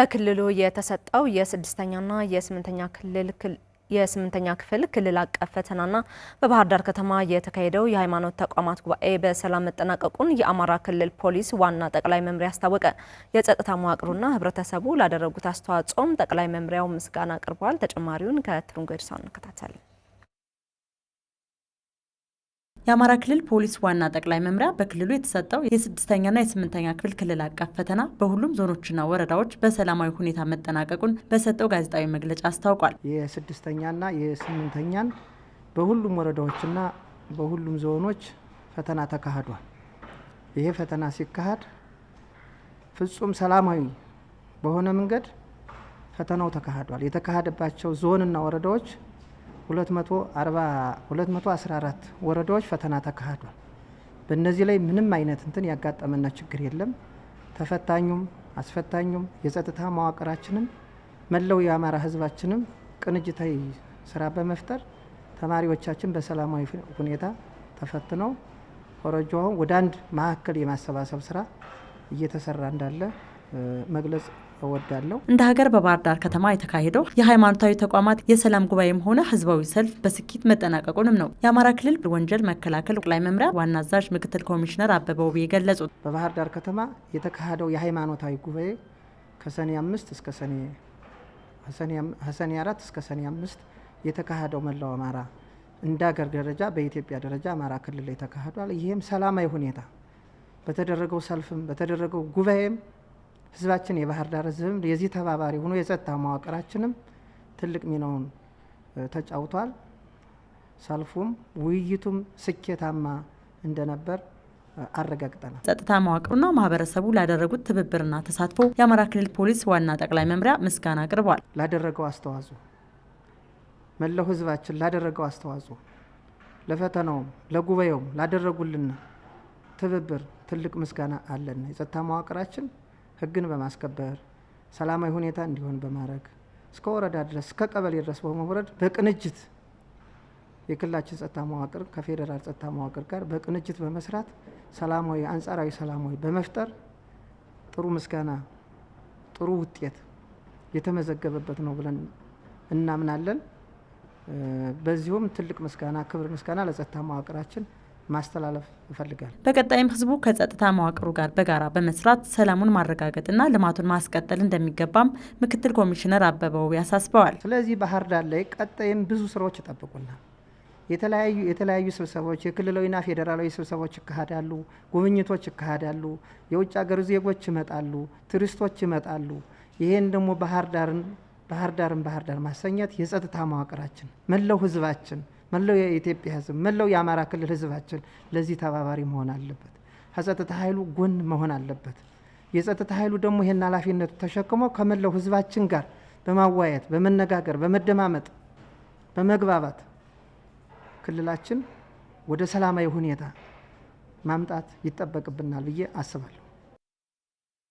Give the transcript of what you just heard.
በክልሉ የተሰጠው የስድስተኛና የስምንተኛ ክልል የስምንተኛ ክፍል ክልል አቀፍ ፈተናና በባህር ዳር ከተማ የተካሄደው የሃይማኖት ተቋማት ጉባኤ በሰላም መጠናቀቁን የአማራ ክልል ፖሊስ ዋና ጠቅላይ መምሪያ አስታወቀ። የጸጥታ መዋቅሩና ህብረተሰቡ ላደረጉት አስተዋጽኦም ጠቅላይ መምሪያው ምስጋና አቅርበዋል። ተጨማሪውን ከትሩንጎ ድሳ እንከታተል። የአማራ ክልል ፖሊስ ዋና ጠቅላይ መምሪያ በክልሉ የተሰጠው የስድስተኛና የስምንተኛ ክፍል ክልል አቀፍ ፈተና በሁሉም ዞኖችና ወረዳዎች በሰላማዊ ሁኔታ መጠናቀቁን በሰጠው ጋዜጣዊ መግለጫ አስታውቋል። የስድስተኛና የስምንተኛን በሁሉም ወረዳዎችና በሁሉም ዞኖች ፈተና ተካሂዷል። ይሄ ፈተና ሲካሄድ ፍጹም ሰላማዊ በሆነ መንገድ ፈተናው ተካሂዷል። የተካሄደባቸው ዞንና ወረዳዎች 214 ወረዳዎች ፈተና ተካሂዷል። በእነዚህ ላይ ምንም አይነት እንትን ያጋጠመና ችግር የለም። ተፈታኙም አስፈታኙም የጸጥታ መዋቅራችንም መላው የአማራ ሕዝባችንም ቅንጅታዊ ስራ በመፍጠር ተማሪዎቻችን በሰላማዊ ሁኔታ ተፈትነው ኮረጆውን ወደ አንድ ማዕከል የማሰባሰብ ስራ እየተሰራ እንዳለ መግለጽ እወዳለሁ። እንደ ሀገር በባህር ዳር ከተማ የተካሄደው የሃይማኖታዊ ተቋማት የሰላም ጉባኤም ሆነ ህዝባዊ ሰልፍ በስኬት መጠናቀቁንም ነው የአማራ ክልል ወንጀል መከላከል ጠቅላይ መምሪያ ዋና አዛዥ ምክትል ኮሚሽነር አበበ ውቤ የገለጹት። በባህር ዳር ከተማ የተካሄደው የሃይማኖታዊ ጉባኤ ከሰኔ አምስት እስከ ሰኔ አራት እስከ ሰኔ አምስት የተካሄደው መላው አማራ እንደ ሀገር ደረጃ በኢትዮጵያ ደረጃ አማራ ክልል ላይ ተካሂዷል። ይህም ሰላማዊ ሁኔታ በተደረገው ሰልፍም በተደረገው ጉባኤም ህዝባችን የባህር ዳር ህዝብም የዚህ ተባባሪ ሆኖ የጸጥታ መዋቅራችንም ትልቅ ሚናውን ተጫውቷል። ሰልፉም ውይይቱም ስኬታማ እንደነበር አረጋግጠናል። ጸጥታ መዋቅሩና ማህበረሰቡ ላደረጉት ትብብርና ተሳትፎ የአማራ ክልል ፖሊስ ዋና ጠቅላይ መምሪያ ምስጋና አቅርቧል። ላደረገው አስተዋጽኦ መላው ህዝባችን ላደረገው አስተዋጽኦ ለፈተናውም ለጉባኤውም ላደረጉልን ትብብር ትልቅ ምስጋና አለን። የጸጥታ መዋቅራችን ህግን በማስከበር ሰላማዊ ሁኔታ እንዲሆን በማድረግ እስከ ወረዳ ድረስ እስከ ቀበሌ ድረስ በመውረድ በቅንጅት የክልላችን ጸጥታ መዋቅር ከፌዴራል ጸጥታ መዋቅር ጋር በቅንጅት በመስራት ሰላማዊ አንጻራዊ ሰላማዊ በመፍጠር ጥሩ ምስጋና ጥሩ ውጤት የተመዘገበበት ነው ብለን እናምናለን። በዚሁም ትልቅ ምስጋና ክብር ምስጋና ለጸጥታ መዋቅራችን ማስተላለፍ ይፈልጋል። በቀጣይም ህዝቡ ከጸጥታ መዋቅሩ ጋር በጋራ በመስራት ሰላሙን ማረጋገጥና ልማቱን ማስቀጠል እንደሚገባም ምክትል ኮሚሽነር አበበው ያሳስበዋል። ስለዚህ ባህር ዳር ላይ ቀጣይም ብዙ ስራዎች ይጠብቁናል። የተለያዩ የተለያዩ ስብሰባዎች የክልላዊና ፌዴራላዊ ስብሰባዎች ይካሄዳሉ፣ ጉብኝቶች ይካሄዳሉ፣ የውጭ ሀገር ዜጎች ይመጣሉ፣ ቱሪስቶች ይመጣሉ። ይሄን ደግሞ ባህር ዳርን ባህር ዳርን ባህር ዳር ማሰኘት የጸጥታ መዋቅራችን መላው ህዝባችን መላው የኢትዮጵያ ህዝብ መላው የአማራ ክልል ህዝባችን ለዚህ ተባባሪ መሆን አለበት። ከጸጥታ ኃይሉ ጎን መሆን አለበት። የጸጥታ ኃይሉ ደግሞ ይህን ኃላፊነቱ ተሸክሞ ከመላው ህዝባችን ጋር በማዋየት በመነጋገር፣ በመደማመጥ፣ በመግባባት ክልላችን ወደ ሰላማዊ ሁኔታ ማምጣት ይጠበቅብናል ብዬ አስባለሁ።